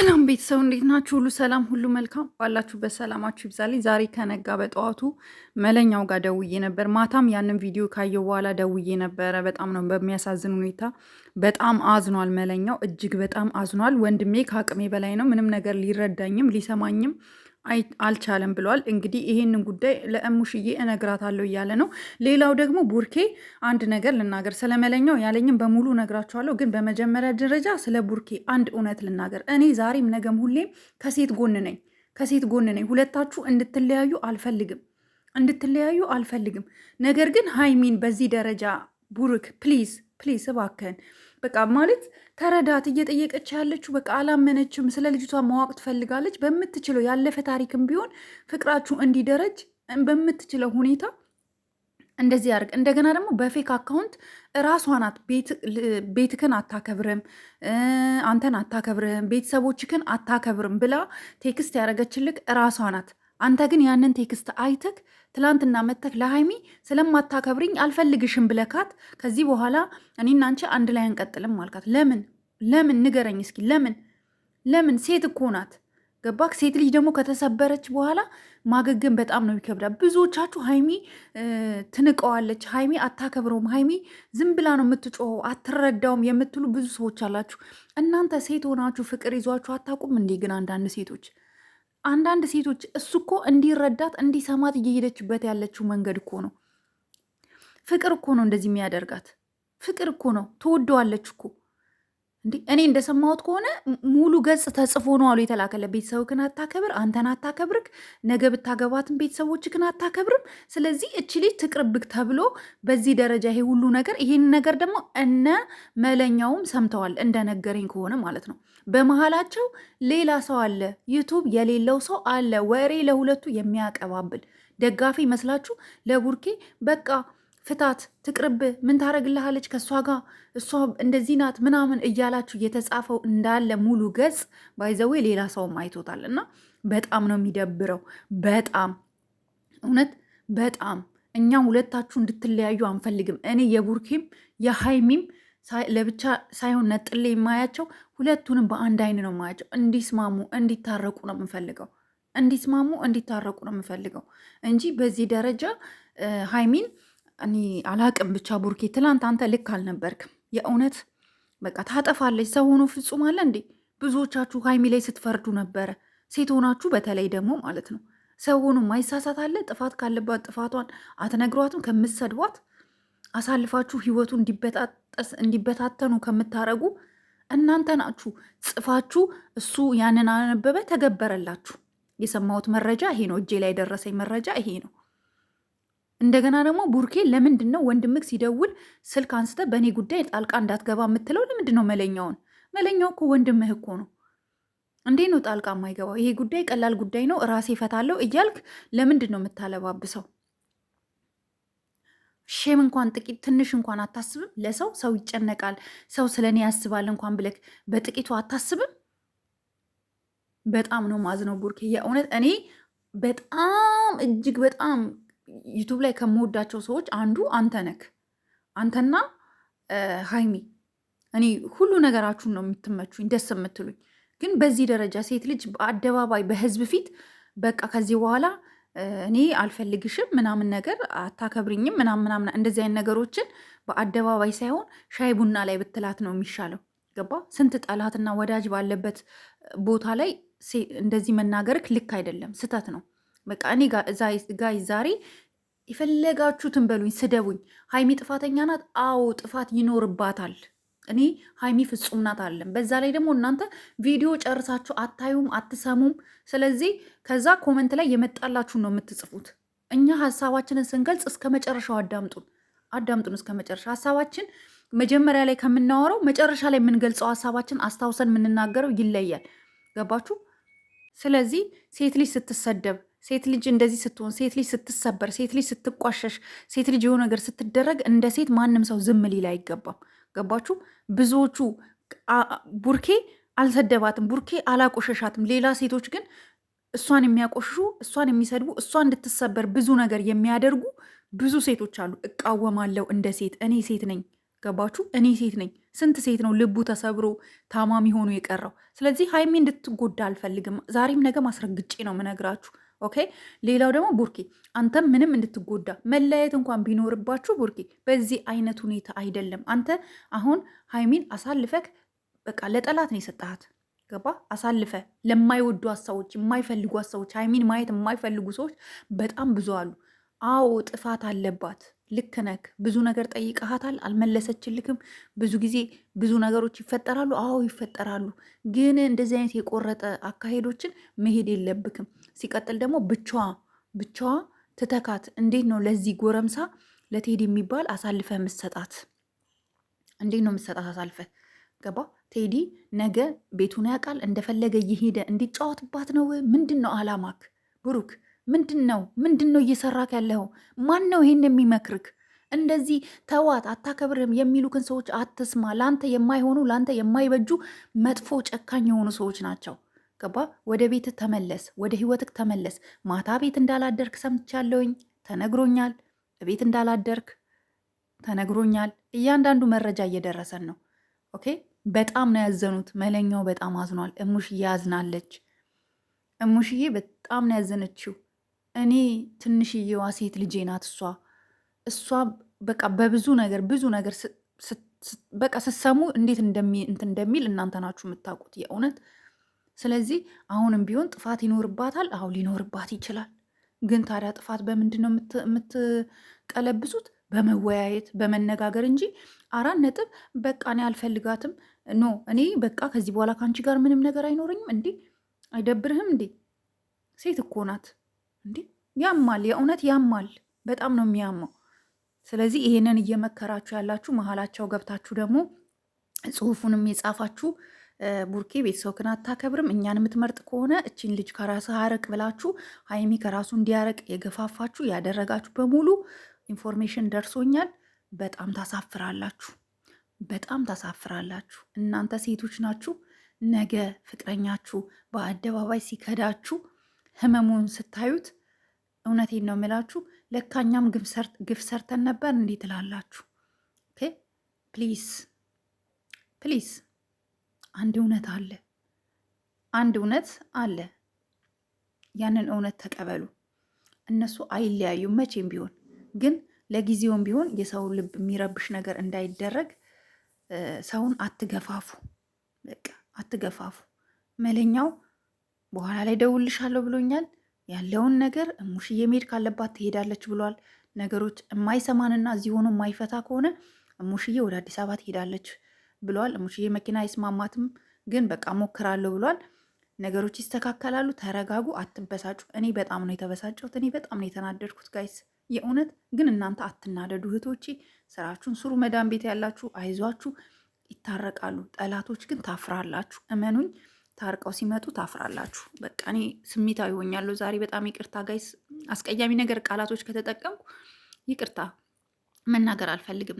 ሰላም ቤተሰብ እንዴት ናችሁ? ሁሉ ሰላም፣ ሁሉ መልካም ባላችሁበት ሰላማችሁ ይብዛልኝ። ዛሬ ከነጋ በጠዋቱ መለኛው ጋር ደውዬ ነበር። ማታም ያንን ቪዲዮ ካየው በኋላ ደውዬ ነበረ። በጣም ነው በሚያሳዝን ሁኔታ በጣም አዝኗል። መለኛው እጅግ በጣም አዝኗል። ወንድሜ ከአቅሜ በላይ ነው። ምንም ነገር ሊረዳኝም ሊሰማኝም አልቻለም ብሏል። እንግዲህ ይሄንን ጉዳይ ለእሙሽዬ እነግራታለሁ እያለ ነው። ሌላው ደግሞ ቡርኬ አንድ ነገር ልናገር፣ ስለመለኛው ያለኝም በሙሉ እነግራችኋለሁ፣ ግን በመጀመሪያ ደረጃ ስለ ቡርኬ አንድ እውነት ልናገር። እኔ ዛሬም ነገም ሁሌም ከሴት ጎን ነኝ፣ ከሴት ጎን ነኝ። ሁለታችሁ እንድትለያዩ አልፈልግም፣ እንድትለያዩ አልፈልግም። ነገር ግን ሀይሚን በዚህ ደረጃ ቡርክ ፕሊዝ፣ ፕሊዝ እባክህን በቃ ማለት ተረዳት። እየጠየቀች ያለችው በቃ አላመነችም። ስለ ልጅቷ ማወቅ ትፈልጋለች። በምትችለው ያለፈ ታሪክም ቢሆን ፍቅራችሁ እንዲደረጅ በምትችለው ሁኔታ እንደዚህ ያርግ። እንደገና ደግሞ በፌክ አካውንት እራሷ ናት ቤትክን አታከብርም፣ አንተን አታከብርም፣ ቤተሰቦችክን አታከብርም ብላ ቴክስት ያደረገችልክ እራሷ ናት። አንተ ግን ያንን ቴክስት አይተክ ትላንትና መተክ ለሀይሚ ስለማታከብርኝ አልፈልግሽም ብለካት ከዚህ በኋላ እኔና አንቺ አንድ ላይ አንቀጥልም አልካት። ለምን ለምን ንገረኝ እስኪ ለምን ለምን? ሴት እኮ ናት። ገባክ? ሴት ልጅ ደግሞ ከተሰበረች በኋላ ማገገም በጣም ነው ይከብዳል። ብዙዎቻችሁ ሀይሚ ትንቀዋለች፣ ሀይሚ አታከብረውም፣ ሀይሚ ዝም ብላ ነው የምትጮኸው፣ አትረዳውም የምትሉ ብዙ ሰዎች አላችሁ። እናንተ ሴት ሆናችሁ ፍቅር ይዟችሁ አታውቁም እንዴ? ግን አንዳንድ ሴቶች አንዳንድ ሴቶች እሱ እኮ እንዲረዳት እንዲሰማት እየሄደችበት ያለችው መንገድ እኮ ነው። ፍቅር እኮ ነው እንደዚህ የሚያደርጋት። ፍቅር እኮ ነው። ትወደዋለች እኮ እንዴ እኔ እንደሰማሁት ከሆነ ሙሉ ገጽ ተጽፎ ነው አሉ የተላከለ። ቤተሰብክን አታከብር፣ አንተን አታከብርክ፣ ነገ ብታገባትን ቤተሰቦችክን አታከብርም። ስለዚህ እች ልጅ ትቅርብክ ተብሎ በዚህ ደረጃ ይሄ ሁሉ ነገር ይሄን ነገር ደግሞ እነ መለኛውም ሰምተዋል እንደነገረኝ ከሆነ ማለት ነው። በመሀላቸው ሌላ ሰው አለ፣ ዩቱብ የሌለው ሰው አለ፣ ወሬ ለሁለቱ የሚያቀባብል ደጋፊ ይመስላችሁ ለቡርኬ በቃ ፍታት ትቅርብ፣ ምን ታደረግልሃለች ከእሷ ጋር እሷ እንደዚህ ናት ምናምን እያላችሁ የተጻፈው እንዳለ ሙሉ ገጽ ባይዘዌ ሌላ ሰውም አይቶታል። እና በጣም ነው የሚደብረው። በጣም እውነት በጣም እኛ ሁለታችሁ እንድትለያዩ አንፈልግም። እኔ የቡርኪም የሀይሚም ለብቻ ሳይሆን ነጥሌ የማያቸው ሁለቱንም በአንድ አይን ነው የማያቸው። እንዲስማሙ እንዲታረቁ ነው የምፈልገው። እንዲስማሙ እንዲታረቁ ነው የምፈልገው እንጂ በዚህ ደረጃ ሃይሚን እኔ አላቅም። ብቻ ቡርኬ ትላንት አንተ ልክ አልነበርክም። የእውነት በቃ ታጠፋለች። ሰው ሆኖ ፍጹም አለ እንዴ? ብዙዎቻችሁ ሀይሚ ላይ ስትፈርዱ ነበረ፣ ሴት ሆናችሁ በተለይ ደግሞ ማለት ነው። ሰው ሆኖ ማይሳሳት አለ? ጥፋት ካለባት ጥፋቷን አትነግሯትም? ከምትሰድቧት አሳልፋችሁ ህይወቱ እንዲበታተኑ ከምታረጉ እናንተ ናችሁ ጽፋችሁ። እሱ ያንን አነበበ፣ ተገበረላችሁ። የሰማሁት መረጃ ይሄ ነው። እጄ ላይ የደረሰኝ መረጃ ይሄ ነው። እንደገና ደግሞ ቡርኬ ለምንድን ነው ወንድምክ ሲደውል ስልክ አንስተ በእኔ ጉዳይ ጣልቃ እንዳትገባ የምትለው? ለምንድን ነው መለኛውን? መለኛው እኮ ወንድምህ እኮ ነው። እንዴ ነው ጣልቃ የማይገባው? ይሄ ጉዳይ ቀላል ጉዳይ ነው፣ ራሴ እፈታለሁ እያልክ ለምንድን ነው የምታለባብሰው? ሼም እንኳን ጥቂት ትንሽ እንኳን አታስብም? ለሰው ሰው ይጨነቃል፣ ሰው ስለ እኔ ያስባል እንኳን ብለክ በጥቂቱ አታስብም? በጣም ነው ማዝነው ቡርኬ፣ የእውነት እኔ በጣም እጅግ በጣም ዩቱብ ላይ ከምወዳቸው ሰዎች አንዱ አንተ ነክ አንተና ሀይሚ እኔ ሁሉ ነገራችሁን ነው የምትመቹኝ፣ ደስ የምትሉኝ። ግን በዚህ ደረጃ ሴት ልጅ በአደባባይ በህዝብ ፊት በቃ ከዚህ በኋላ እኔ አልፈልግሽም ምናምን ነገር አታከብርኝም ምናምን ምናምን እንደዚህ አይነት ነገሮችን በአደባባይ ሳይሆን ሻይ ቡና ላይ ብትላት ነው የሚሻለው። ገባ? ስንት ጠላትና ወዳጅ ባለበት ቦታ ላይ እንደዚህ መናገርክ ልክ አይደለም፣ ስህተት ነው። በቃ እኔ ጋይ ዛሬ የፈለጋችሁትን በሉኝ፣ ስደቡኝ። ሀይሚ ጥፋተኛ ናት። አዎ ጥፋት ይኖርባታል። እኔ ሀይሚ ፍጹም ናት አለም። በዛ ላይ ደግሞ እናንተ ቪዲዮ ጨርሳችሁ አታዩም፣ አትሰሙም። ስለዚህ ከዛ ኮመንት ላይ የመጣላችሁን ነው የምትጽፉት። እኛ ሀሳባችንን ስንገልጽ እስከ መጨረሻው አዳምጡን፣ አዳምጡን እስከ መጨረሻ ሀሳባችን መጀመሪያ ላይ ከምናወረው መጨረሻ ላይ የምንገልጸው ሀሳባችን አስታውሰን የምንናገረው ይለያል። ገባችሁ? ስለዚህ ሴት ልጅ ስትሰደብ ሴት ልጅ እንደዚህ ስትሆን፣ ሴት ልጅ ስትሰበር፣ ሴት ልጅ ስትቋሸሽ፣ ሴት ልጅ የሆነ ነገር ስትደረግ እንደ ሴት ማንም ሰው ዝም ሊል አይገባም። ገባችሁ? ብዙዎቹ ቡርኬ አልሰደባትም፣ ቡርኬ አላቆሸሻትም። ሌላ ሴቶች ግን እሷን የሚያቆሽሹ እሷን የሚሰድቡ እሷ እንድትሰበር ብዙ ነገር የሚያደርጉ ብዙ ሴቶች አሉ። እቃወማለሁ እንደ ሴት እኔ ሴት ነኝ። ገባችሁ? እኔ ሴት ነኝ። ስንት ሴት ነው ልቡ ተሰብሮ ታማሚ ሆኖ የቀረው? ስለዚህ ሀይሜ እንድትጎዳ አልፈልግም። ዛሬም ነገም አስረግጬ ነው ምነግራችሁ። ኦኬ። ሌላው ደግሞ ቡርኪ አንተ ምንም እንድትጎዳ መለያየት እንኳን ቢኖርባችሁ ቡርኪ በዚህ አይነት ሁኔታ አይደለም። አንተ አሁን ሀይሚን አሳልፈክ በቃ ለጠላት ነው የሰጠሃት። ገባ አሳልፈ ለማይወዱ ሰዎች፣ የማይፈልጉ ሰዎች፣ ሀይሚን ማየት የማይፈልጉ ሰዎች በጣም ብዙ አሉ። አዎ ጥፋት አለባት። ልክ ነክ ብዙ ነገር ጠይቀሃታል፣ አልመለሰችልክም። ብዙ ጊዜ ብዙ ነገሮች ይፈጠራሉ። አዎ ይፈጠራሉ። ግን እንደዚህ አይነት የቆረጠ አካሄዶችን መሄድ የለብክም። ሲቀጥል ደግሞ ብቻዋ ብቻዋ ትተካት እንዴት ነው ለዚህ ጎረምሳ ለቴዲ የሚባል አሳልፈ ምሰጣት? እንዴት ነው ምሰጣት አሳልፈ ገባ? ቴዲ ነገ ቤቱን ያውቃል። እንደፈለገ እየሄደ እንዲጫወትባት ነው። ምንድን ነው አላማክ ብሩክ? ምንድን ነው ምንድን ነው እየሰራክ ያለው? ማን ነው ይሄን የሚመክርክ? እንደዚህ ተዋት፣ አታከብርም የሚሉክን ሰዎች አትስማ። ለአንተ የማይሆኑ ለአንተ የማይበጁ መጥፎ ጨካኝ የሆኑ ሰዎች ናቸው። ገባ? ወደ ቤትህ ተመለስ፣ ወደ ህይወትህ ተመለስ። ማታ ቤት እንዳላደርክ ሰምቻለሁኝ፣ ተነግሮኛል። ቤት እንዳላደርክ ተነግሮኛል። እያንዳንዱ መረጃ እየደረሰን ነው። ኦኬ። በጣም ነው ያዘኑት። መለኛው በጣም አዝኗል። እሙሽዬ አዝናለች። እሙሽዬ በጣም ነው ያዘነችው። እኔ ትንሽዬዋ ሴት ልጄ ናት እሷ እሷ በቃ በብዙ ነገር ብዙ ነገር በቃ ስትሰሙ እንዴት እንደሚል እናንተ ናችሁ የምታውቁት የእውነት። ስለዚህ አሁንም ቢሆን ጥፋት ይኖርባታል። አሁ ሊኖርባት ይችላል። ግን ታዲያ ጥፋት በምንድን ነው የምትቀለብሱት? በመወያየት በመነጋገር እንጂ አራት ነጥብ በቃ እኔ አልፈልጋትም፣ ኖ እኔ በቃ ከዚህ በኋላ ከአንቺ ጋር ምንም ነገር አይኖረኝም። እንዴ አይደብርህም እንዴ? ሴት እኮ ናት። እንዴ ያማል፣ የእውነት ያማል። በጣም ነው የሚያመው። ስለዚህ ይሄንን እየመከራችሁ ያላችሁ መሀላቸው ገብታችሁ ደግሞ ጽሁፉንም የጻፋችሁ ቡርኬ ቤተሰብክን አታከብርም፣ እኛን የምትመርጥ ከሆነ እችን ልጅ ከራስ አረቅ ብላችሁ ሀይሚ ከራሱ እንዲያረቅ የገፋፋችሁ ያደረጋችሁ በሙሉ ኢንፎርሜሽን ደርሶኛል። በጣም ታሳፍራላችሁ፣ በጣም ታሳፍራላችሁ። እናንተ ሴቶች ናችሁ። ነገ ፍቅረኛችሁ በአደባባይ ሲከዳችሁ ህመሙን ስታዩት እውነቴን ነው የምላችሁ። ለካኛም ግፍ ሰርተን ነበር እንዴት ትላላችሁ። ፕሊስ ፕሊስ፣ አንድ እውነት አለ፣ አንድ እውነት አለ። ያንን እውነት ተቀበሉ። እነሱ አይለያዩም መቼም ቢሆን ግን ለጊዜውም ቢሆን የሰው ልብ የሚረብሽ ነገር እንዳይደረግ ሰውን አትገፋፉ፣ በቃ አትገፋፉ መለኛው በኋላ ላይ ደውልሻለሁ ብሎኛል። ያለውን ነገር እሙሽዬ መሄድ ካለባት ትሄዳለች ብሏል። ነገሮች የማይሰማንና እዚህ ሆኖ የማይፈታ ከሆነ እሙሽዬ ወደ አዲስ አበባ ትሄዳለች ብሏል። እሙሽዬ መኪና አይስማማትም፣ ግን በቃ ሞክራለሁ ብሏል። ነገሮች ይስተካከላሉ። ተረጋጉ፣ አትበሳጩ። እኔ በጣም ነው የተበሳጨሁት። እኔ በጣም ነው የተናደድኩት ጋይስ የእውነት ግን እናንተ አትናደዱ እህቶቼ፣ ስራችሁን ስሩ። መዳን ቤት ያላችሁ አይዟችሁ፣ ይታረቃሉ። ጠላቶች ግን ታፍራላችሁ፣ እመኑኝ። ታርቀው ሲመጡ ታፍራላችሁ። በቃ እኔ ስሜታዊ ሆኛለሁ ዛሬ። በጣም ይቅርታ ጋይስ፣ አስቀያሚ ነገር ቃላቶች ከተጠቀምኩ ይቅርታ መናገር አልፈልግም።